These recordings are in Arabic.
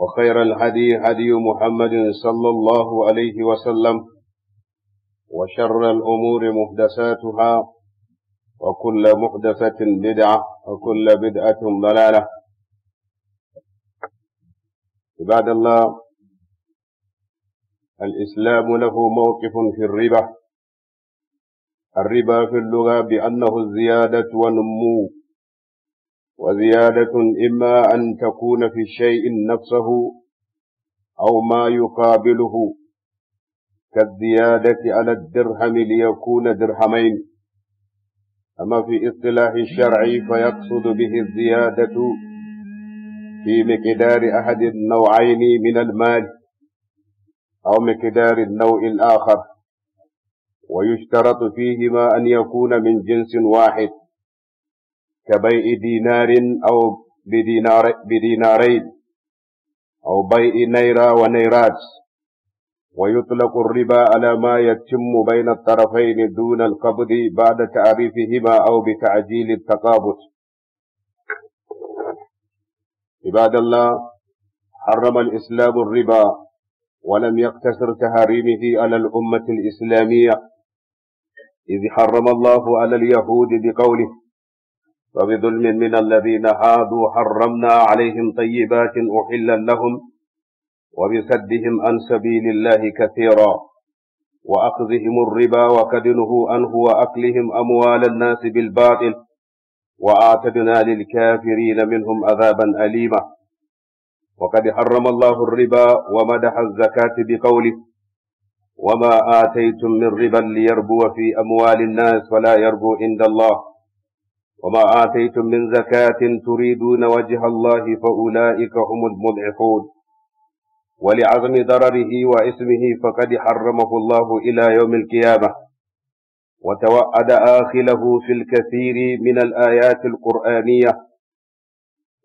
وخير الهدي هدي محمد صلى الله عليه وسلم وشر الأمور محدثاتها وكل محدثة بدعة وكل بدعة ضلالة عباد الله الإسلام له موقف في الربا الربا في اللغة بأنه الزيادة والنمو وزيادة إما أن تكون في الشيء نفسه أو ما يقابله كالزيادة على الدرهم ليكون درهمين أما في اصطلاح الشرع فيقصد به الزيادة في مقدار أحد النوعين من المال أو مقدار النوع الآخر ويشترط فيهما أن يكون من جنس واحد كبيع دينار أو بدينار بدينارين أو بيع نيرة ونيرات ويطلق الربا على ما يتم بين الطرفين دون القبض بعد تعريفهما أو بتعجيل التقابض عباد الله حرم الإسلام الربا ولم يقتصر تحريمه على الأمة الإسلامية إذ حرم الله على اليهود بقوله وبظلم من الذين هادوا حرمنا عليهم طيبات أحلا لهم وبسدهم عن سبيل الله كثيرا وأخذهم الربا وقد نهوا عنه وأكلهم أموال الناس بالباطل وأعتدنا للكافرين منهم عذابا أليما وقد حرم الله الربا ومدح الزكاة بقوله وما آتيتم من ربا ليربو في أموال الناس ولا يربو عند الله وما آتيتم من زكاة تريدون وجه الله فأولئك هم المضعفون ولعظم ضرره واسمه فقد حرمه الله إلى يوم القيامة وتوعد آخله في الكثير من الآيات القرآنية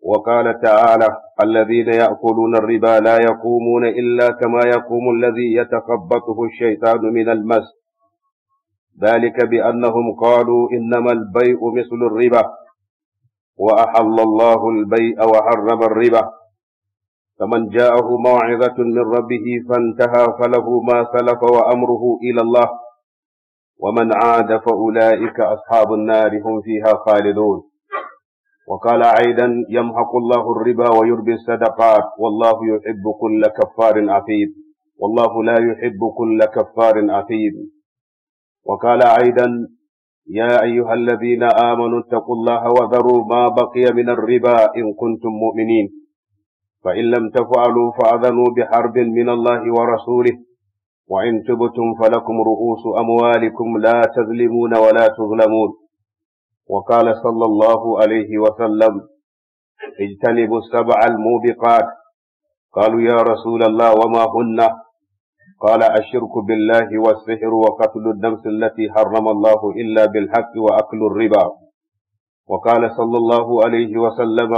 وقال تعالى الذين يأكلون الربا لا يقومون إلا كما يقوم الذي يتخبطه الشيطان من المس ذلك بأنهم قالوا إنما البيع مثل الربا وأحل الله البيع وحرم الربا فمن جاءه موعظة من ربه فانتهى فله ما سلف وأمره إلى الله ومن عاد فأولئك أصحاب النار هم فيها خالدون وقال عيدا يمحق الله الربا ويربي الصدقات والله يحب كل كفار عفيف والله لا يحب كل كفار عفيف وقال أيضا يا أيها الذين آمنوا اتقوا الله وذروا ما بقي من الربا إن كنتم مؤمنين فإن لم تفعلوا فأذنوا بحرب من الله ورسوله وإن تبتم فلكم رؤوس أموالكم لا تظلمون ولا تظلمون وقال صلى الله عليه وسلم اجتنبوا السبع الموبقات قالوا يا رسول الله وما هن قال الشرك بالله والسحر وقتل النفس التي حرم الله إلا بالحق وأكل الربا وقال صلى الله عليه وسلم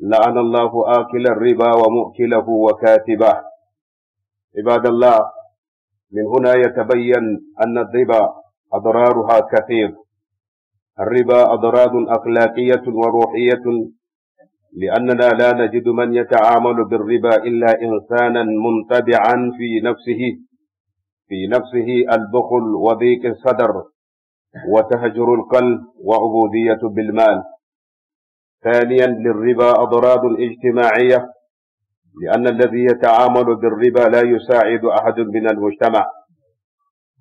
لعن الله آكل الربا ومؤكله وكاتبه عباد الله من هنا يتبين أن الربا أضرارها كثير الربا أضرار أخلاقية وروحية لأننا لا نجد من يتعامل بالربا إلا إنسانا منتبعا في نفسه في نفسه البخل وضيق الصدر وتهجر القلب وعبودية بالمال ثانيا للربا أضرار اجتماعية لأن الذي يتعامل بالربا لا يساعد أحد من المجتمع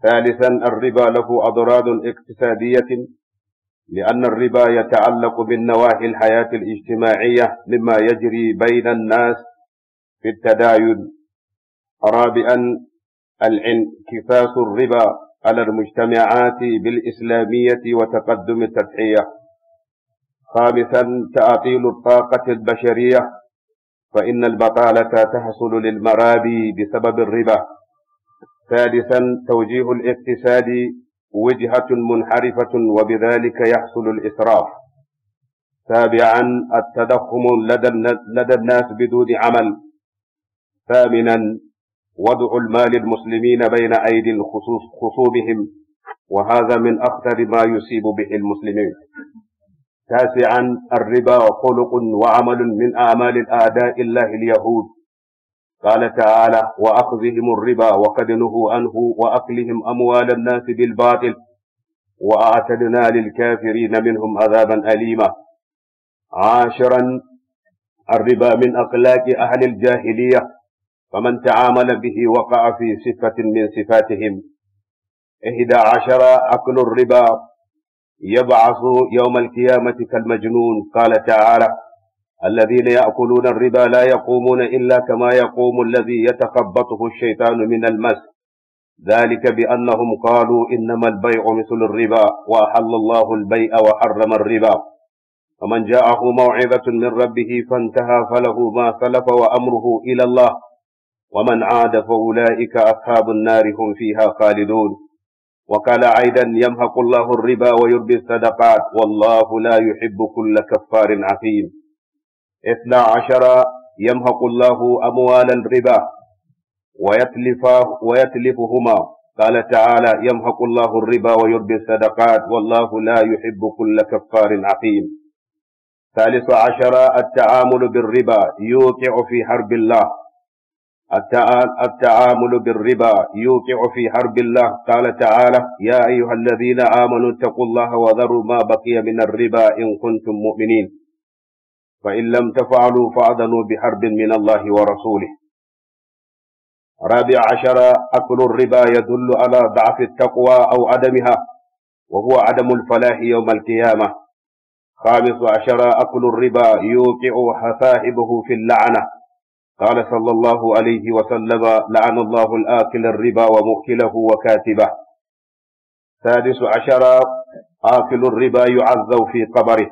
ثالثا الربا له أضرار اقتصادية لأن الربا يتعلق بالنواحي الحياة الاجتماعية مما يجري بين الناس في التداين رابعا الانكفاس الربا على المجتمعات بالإسلامية وتقدم التضحية خامسا تعطيل الطاقة البشرية فإن البطالة تحصل للمرابي بسبب الربا سادسا توجيه الاقتصاد وجهة منحرفة وبذلك يحصل الإسراف سابعا التضخم لدى الناس بدون عمل ثامنا وضع المال المسلمين بين أيدي خصومهم وهذا من أخطر ما يصيب به المسلمين تاسعا الربا خلق وعمل من أعمال أعداء الله اليهود قال تعالى وأخذهم الربا وقد نهوا عنه وأكلهم أموال الناس بالباطل وأعتدنا للكافرين منهم عذابا أليما عاشرا الربا من أخلاق أهل الجاهلية فمن تعامل به وقع في صفة من صفاتهم إحدى عشر أكل الربا يبعث يوم القيامة كالمجنون قال تعالى الذين يأكلون الربا لا يقومون إلا كما يقوم الذي يتخبطه الشيطان من المس ذلك بأنهم قالوا إنما البيع مثل الربا وأحل الله البيع وحرم الربا فمن جاءه موعظة من ربه فانتهى فله ما سلف وأمره إلى الله ومن عاد فأولئك أصحاب النار هم فيها خالدون وقال عيدا يمحق الله الربا ويربي الصدقات والله لا يحب كل كفار عثيم اثنا عشر يمحق الله اموال الربا ويتلفهما قال تعالى يمحق الله الربا ويربي الصدقات والله لا يحب كل كفار عقيم ثالث عشر التعامل بالربا يوقع في حرب الله التعامل بالربا يوقع في حرب الله قال تعالى يا أيها الذين آمنوا اتقوا الله وذروا ما بقي من الربا إن كنتم مؤمنين فإن لم تفعلوا فأذنوا بحرب من الله ورسوله رابع عشر أكل الربا يدل على ضعف التقوى أو عدمها وهو عدم الفلاح يوم القيامة خامس عشر أكل الربا يوقع حفاهبه في اللعنة قال صلى الله عليه وسلم لعن الله الآكل الربا ومؤكله وكاتبه سادس عشر آكل الربا يعذب في قبره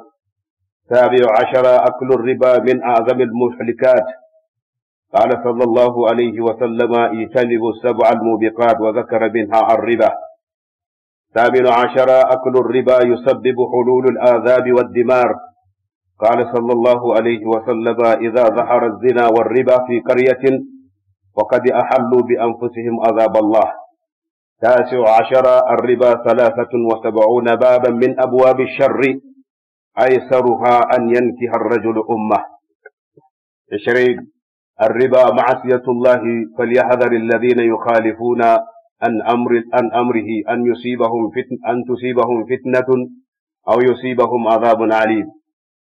السابع عشر أكل الربا من أعظم المهلكات قال صلى الله عليه وسلم اجتنبوا السبع الموبقات وذكر منها الربا سابع عشر أكل الربا يسبب حلول الآذاب والدمار قال صلى الله عليه وسلم إذا ظهر الزنا والربا في قرية وقد أحلوا بأنفسهم عذاب الله تاسع عشر الربا ثلاثة وسبعون بابا من أبواب الشر أيسرها أن ينكح الرجل أمه الشريك الربا معصية الله فليحذر الذين يخالفون أن, أمر أن أمره أن يصيبهم فتن أن تصيبهم فتنة أو يصيبهم عذاب عليم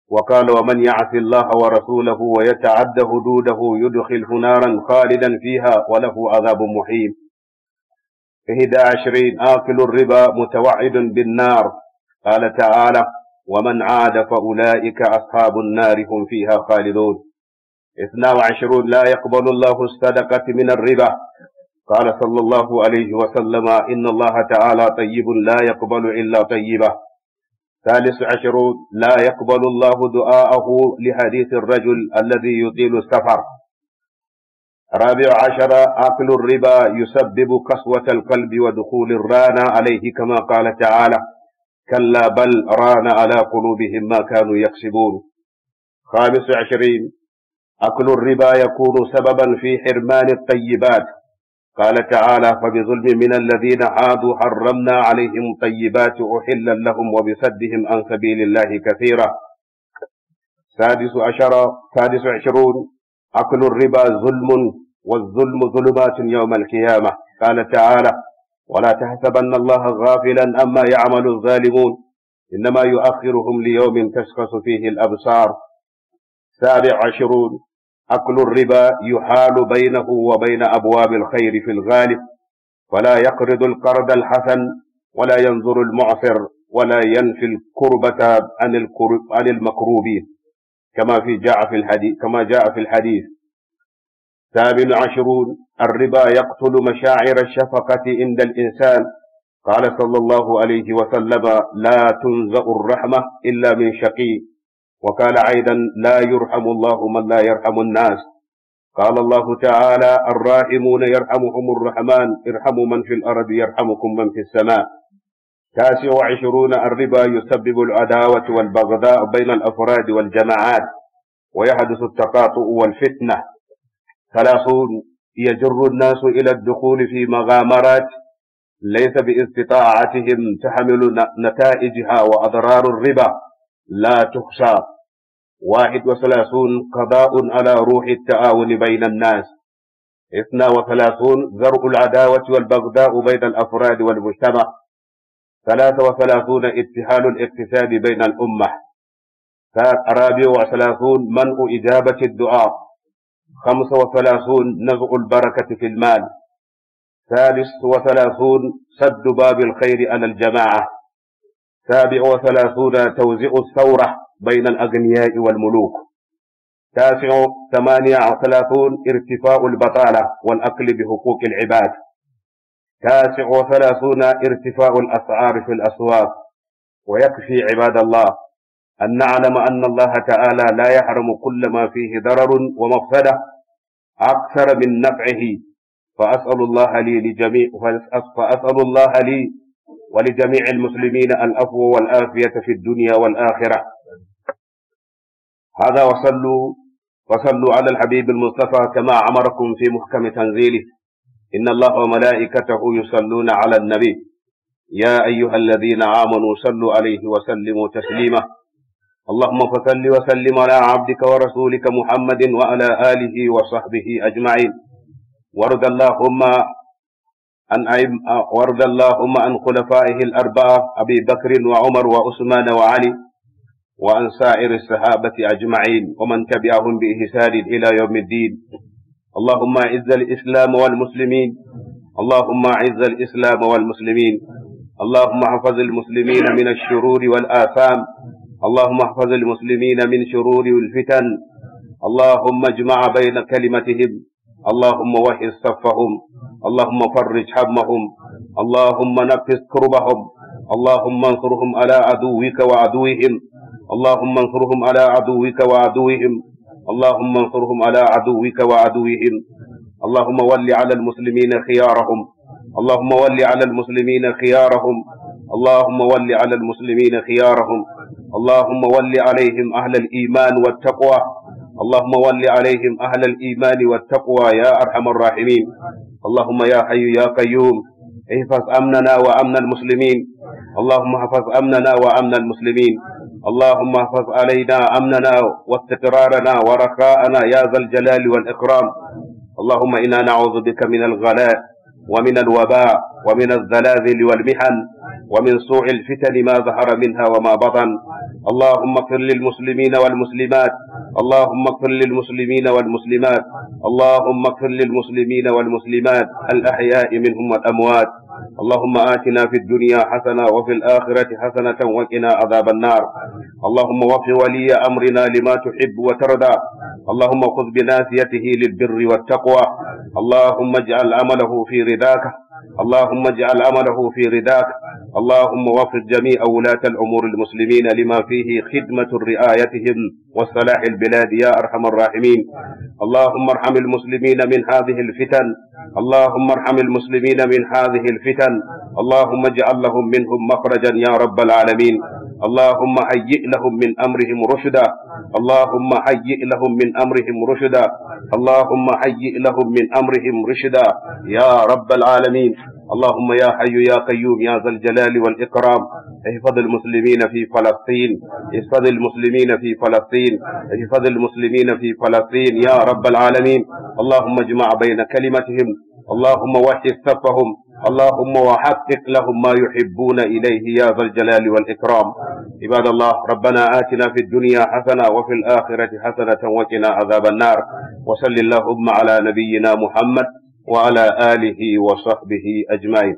وقال ومن يعص الله ورسوله ويتعد حدوده يدخله نارا خالدا فيها وله عذاب محيم إحدى عشرين آكل الربا متوعد بالنار قال تعالى ومن عاد فأولئك أصحاب النار هم فيها خالدون اثنى وعشرون لا يقبل الله الصدقة من الربا قال صلى الله عليه وسلم إن الله تعالى طيب لا يقبل إلا طيبة ثالث عشرون لا يقبل الله دعاءه لحديث الرجل الذي يطيل السفر رابع عشر أكل الربا يسبب قسوة القلب ودخول الرانا عليه كما قال تعالى كلا بل ران على قلوبهم ما كانوا يكسبون خامس عشرين أكل الربا يكون سببا في حرمان الطيبات قال تعالى فبظلم من الذين عادوا حرمنا عليهم طيبات أحلا لهم وبصدهم عن سبيل الله كثيرا سادس عشر سادس عشرون أكل الربا ظلم والظلم ظلمات يوم القيامة قال تعالى ولا تحسبن الله غافلا أما يعمل الظالمون إنما يؤخرهم ليوم تشخص فيه الأبصار سابع عشرون أكل الربا يحال بينه وبين أبواب الخير في الغالب فلا يقرض القرض الحسن ولا ينظر المعسر ولا ينفي الكربة عن عن المكروبين كما في جاء في الحديث كما جاء في الحديث الثامن عشرون الربا يقتل مشاعر الشفقة عند الإنسان قال صلى الله عليه وسلم لا تنزأ الرحمة إلا من شقي وقال أيضا لا يرحم الله من لا يرحم الناس قال الله تعالى الراحمون يرحمهم الرحمن ارحموا من في الأرض يرحمكم من في السماء تاسع وعشرون الربا يسبب العداوة والبغضاء بين الأفراد والجماعات ويحدث التقاطؤ والفتنة ثلاثون يجر الناس إلى الدخول في مغامرات ليس باستطاعتهم تحمل نتائجها وأضرار الربا لا تخشى واحد وثلاثون قضاء على روح التعاون بين الناس اثنى وثلاثون زرع العداوة والبغضاء بين الأفراد والمجتمع ثلاثة وثلاثون اتحال الاقتصاد بين الأمة رابع وثلاثون منع إجابة الدعاء خمس وثلاثون نزع البركة في المال ثالث وثلاثون سد باب الخير على الجماعة سابع وثلاثون توزيع الثورة بين الأغنياء والملوك تاسع ثمانية وثلاثون ارتفاع البطالة والأكل بحقوق العباد تاسع وثلاثون ارتفاع الأسعار في الأسواق ويكفي عباد الله أن نعلم أن الله تعالى لا يحرم كل ما فيه ضرر ومفسدة أكثر من نفعه فأسأل الله لي لجميع فأسأل الله لي ولجميع المسلمين العفو والعافية في الدنيا والآخرة هذا وصلوا وصلوا على الحبيب المصطفى كما أمركم في محكم تنزيله إن الله وملائكته يصلون على النبي يا أيها الذين آمنوا صلوا عليه وسلموا تسليما اللهم فصل وسلم على عبدك ورسولك محمد وعلى آله وصحبه أجمعين وارض اللهم عن وارض اللهم عن خلفائه الأربعة أبي بكر وعمر وعثمان وعلي وعن سائر الصحابة أجمعين ومن تبعهم بإحسان إلى يوم الدين اللهم أعز الإسلام والمسلمين اللهم أعز الإسلام والمسلمين اللهم احفظ المسلمين من الشرور والآثام اللهم احفظ المسلمين من شرور الفتن اللهم اجمع بين كلمتهم اللهم وحد صفهم اللهم فرج همهم اللهم نفس كربهم اللهم انصرهم على عدوك وعدوهم اللهم انصرهم على عدوك وعدوهم اللهم انصرهم على عدوك وعدوهم اللهم ول على المسلمين خيارهم اللهم ول على المسلمين خيارهم اللهم ول على المسلمين خيارهم اللهم ول عليهم أهل الإيمان والتقوى اللهم ول عليهم أهل الإيمان والتقوى يا أرحم الراحمين اللهم يا حي يا قيوم احفظ أمننا وأمن المسلمين اللهم احفظ أمننا وأمن المسلمين اللهم احفظ علينا أمننا واستقرارنا ورخاءنا يا ذا الجلال والإكرام اللهم إنا نعوذ بك من الغلاء ومن الوباء ومن الزلازل والمحن ومن سوء الفتن ما ظهر منها وما بطن اللهم اغفر للمسلمين والمسلمات اللهم اغفر للمسلمين والمسلمات اللهم اغفر للمسلمين والمسلمات الأحياء منهم والأموات اللهم آتنا في الدنيا حسنة وفي الآخرة حسنة وقنا عذاب النار اللهم وفق ولي أمرنا لما تحب وترضى اللهم خذ بناسيته للبر والتقوى اللهم اجعل عمله في رضاك اللهم اجعل عمله في رضاك اللهم وفق جميع ولاة الأمور المسلمين لما فيه خدمة رعايتهم وصلاح البلاد يا أرحم الراحمين اللهم ارحم المسلمين من هذه الفتن اللهم ارحم المسلمين من هذه الفتن اللهم اجعل لهم منهم مخرجا يا رب العالمين اللهم هيئ لهم من امرهم رشدا اللهم هيئ لهم من امرهم رشدا اللهم هيئ لهم من امرهم رشدا يا رب العالمين اللهم يا حي يا قيوم يا ذا الجلال والإكرام احفظ المسلمين في فلسطين احفظ المسلمين في فلسطين احفظ المسلمين في فلسطين يا رب العالمين اللهم اجمع بين كلمتهم اللهم وحي صفهم اللهم وحقق لهم ما يحبون إليه يا ذا الجلال والإكرام عباد الله ربنا آتنا في الدنيا حسنة وفي الآخرة حسنة وقنا عذاب النار وصل اللهم على نبينا محمد وعلى آله وصحبه أجمعين